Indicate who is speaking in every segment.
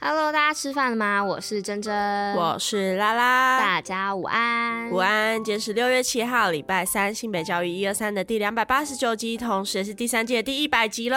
Speaker 1: Hello，大家吃飯了嗎？我是珍珍，我是
Speaker 2: 拉拉，大家午安，午安。今天是六月七號，禮拜三，新北教育一
Speaker 1: 二三的第兩百八十九集，同時也是第三屆的第一百集嘍。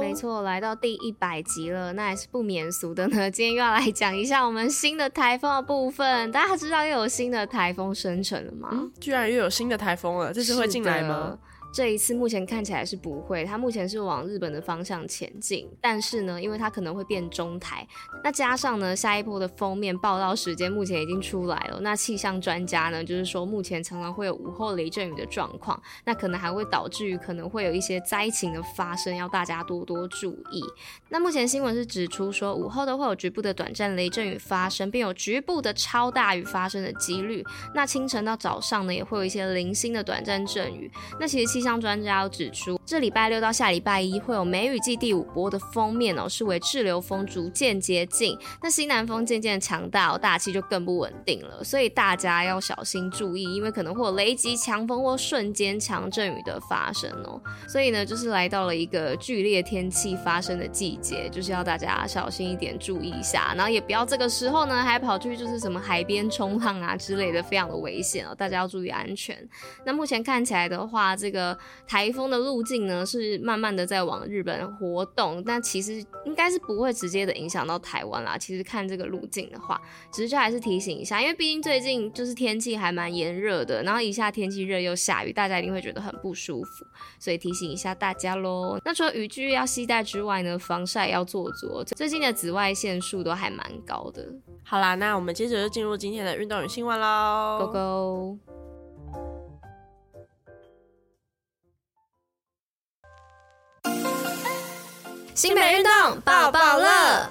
Speaker 1: 沒錯，來到第一百集了，那也是不免俗的呢。今天又要來講一下我們新的台風的部分。大家知道又有新的台風生成了嗎？嗯，
Speaker 2: 居然又有新的台風了，這次會進來嗎？
Speaker 1: 這一次目前看起來是不會，它目前是往日本的方向前進，但是呢，因為它可能會變中颱，那加上呢，下一波的鋒面報到時間目前已經出來了，那氣象專家呢，就是說目前常常會有午後雷陣雨的狀況，那可能還會導致於可能會有一些災情的發生，要大家多多注意。那目前新聞是指出說，午後都會有局部的短暫雷陣雨發生，並有局部的超大雨發生的幾率，那清晨到早上呢，也會有一些零星的短暫陣雨，那其實其。氣象專家指出，這禮拜六到下禮拜一會有梅雨季第五波的鋒面哦，是為滯留鋒逐漸接近，那西南風漸漸強大哦，大氣就更不穩定了，所以大家要小心注意，因為可能會有雷擊、強風或瞬間強陣雨的發生哦。所以呢，就是來到了一個劇烈天氣發生的季節，就是要大家小心一點，注意一下，然後也不要這個時候呢還跑去就是什麼海邊衝浪啊之類的，非常的危險哦，大家要注意安全。那目前看起來的話，這個。颱風的路徑呢，是慢慢的在往日本活動，但其實應該是不會直接的影響到台灣啦。其實看這個路徑的話，只是就還是提醒一下，因為畢竟最近就是天氣還蠻炎熱的，然後一下天氣熱又下雨，大家一定會覺得很不舒服，所以提醒一下大家嘍。那除了雨具要攜帶之外呢，防曬要做做，最近的紫外線數都還蠻高的。好啦，那我們接着就進入今天的運動與新聞嘍，Go Go！新北運動報報樂，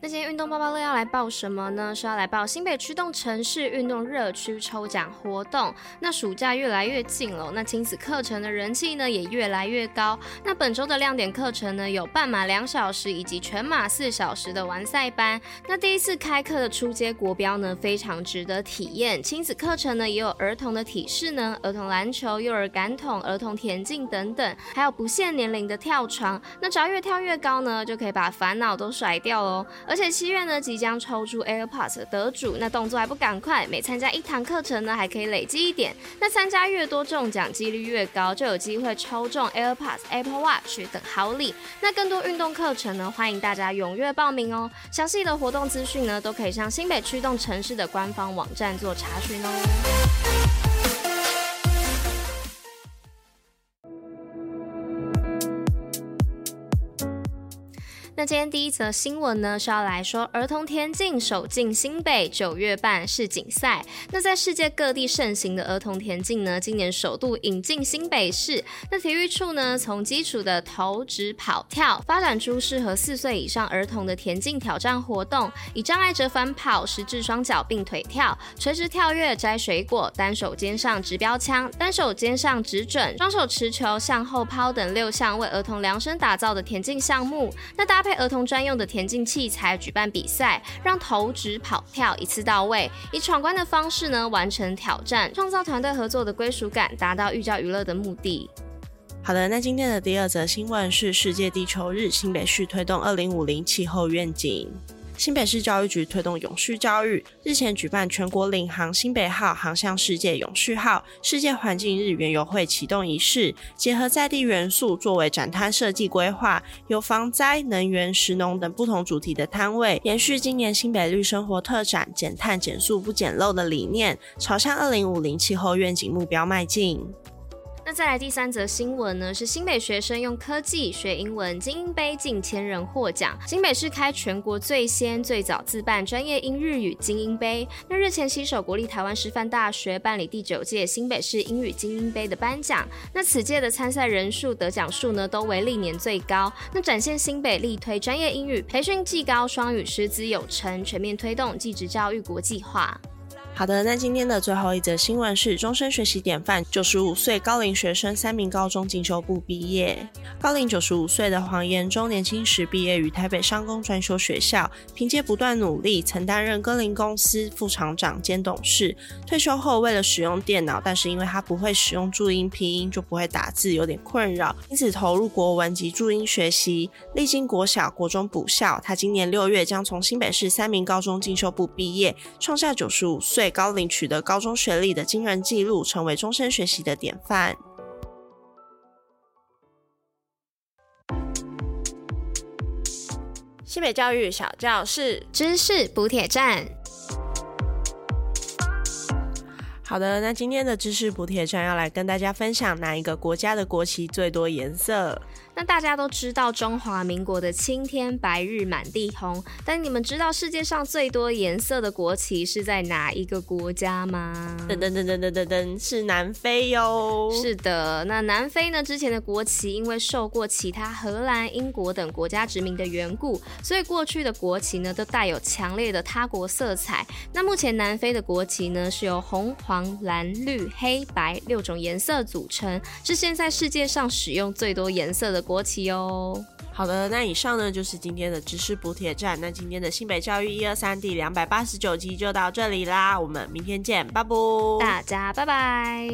Speaker 1: 那些。運動報報樂要來報什麼呢？是要來報新北區動城市運動熱區抽獎活動。那暑假越來越近了，那親子課程的人氣呢也越來越高。那本周的亮點課程呢有半馬兩小時以及全馬四小時的完賽班。那第一次開課的初階國標呢非常值得體驗。親子課程呢也有兒童的體適能，兒童籃球、幼兒感統、兒童田徑等等，還有不限年齡的跳床。那只要越跳越高呢，就可以把煩惱都甩掉哦。而且。七月呢即將抽出 AirPods 的得主，那動作還不趕快！每參加一堂課程呢，還可以累積一點。那參加越多，中獎幾率越高，就有機會抽中 AirPods、Apple Watch 等好禮。那更多運動課程呢，歡迎大家踴躍報名哦！詳細的活動資訊呢，都可以上新北驅動城市的官方網站做查詢哦。那今天第一則新聞呢，是要來說，兒童田徑首進新北九月辦市錦賽。那在世界各地盛行的兒童田徑呢，今年首度引進新北市。那體育處呢，從基礎的投擲、跑跳，發展出適合四歲以上兒童的田徑挑戰活動，以障礙折返跑、十字雙腳並腿跳、垂直跳躍、摘水果、單手肩上擲標槍、單手肩上擲準、雙手持球向後拋等六項為兒童量身打造的田徑項目。那搭配。兒童專用的田徑器材舉辦比賽，讓投擲、跑跳一次到位，以闖關的方式呢完成挑戰，創造團隊合作的歸屬感，達到寓教於樂的目的。
Speaker 2: 好的，那今天的第二則新聞是：世界地球日，新北市推動二零五零氣候願景。新北市教育局推動永續教育，日前舉辦全國領航新北號航向世界永續號世界環境日園遊會啟動儀式，結合在地元素作為展攤設計規劃，由防災、能源、食農等不同主題的攤位，延續今年新北綠生活特展減碳、減速、不減陋的理念，朝向二零五零氣候願景目標邁進。
Speaker 1: 那再來第三則新聞呢，是新北學生用科技學英文，菁英盃近千人獲獎。新北市開全國最先最早自辦專業英日語菁英盃。那日前，攜手國立台灣師範大學辦理第九屆新北市英語菁英盃的頒獎。那此屆的參賽人數、得獎數呢，都為歷年最高。那展現新北力推專業英語培訓，技高雙語師資有成，全面推動技職教育國際化。
Speaker 2: 好的，那今天的最後一則新聞是終身學習典範，九十五歲高齡學生三民高中進修部畢業。高齡九十五歲的黃延忠，年輕時畢業於台北商工專修學校，憑借不斷努力，曾擔任歌林公司副廠長兼董事。退休後，為了使用電腦，但是因為他不會使用注音拼音，就不會打字，有點困擾，因此投入國文及注音學習，歷經國小、國中補校。他今年六月將從新北市三民高中進修部畢業，創下九十五歲。高齡取得高中學歷的驚人紀錄，成為終身學習的典範。新北教育小教室，知識補帖站。好的，那今天的知識補帖站要來跟大家分享，哪一個國家的國旗最多顏色？
Speaker 1: 那大家都知道中華民國的青天白日滿地紅，但你們知道世界上最多顏色的國旗是在哪一個國家嗎？噔噔噔噔噔噔噔，是南非喲、哦。是的，那南非呢？之前的國旗因為受過其他荷蘭、英國等國家殖民的緣故，所以過去的國旗呢都帶有強烈的他國色彩。那目前南非的國旗呢是由紅、黃、藍、綠、黑、白六種顏色組成，是現在世界上使用最多顏色的國旗。國旗哦，
Speaker 2: 好的，那以上呢就是今天的知識補帖站。那今天的新北教育一二三第兩百八十九集就到這裡啦，我們明天見，拜拜，大家拜拜。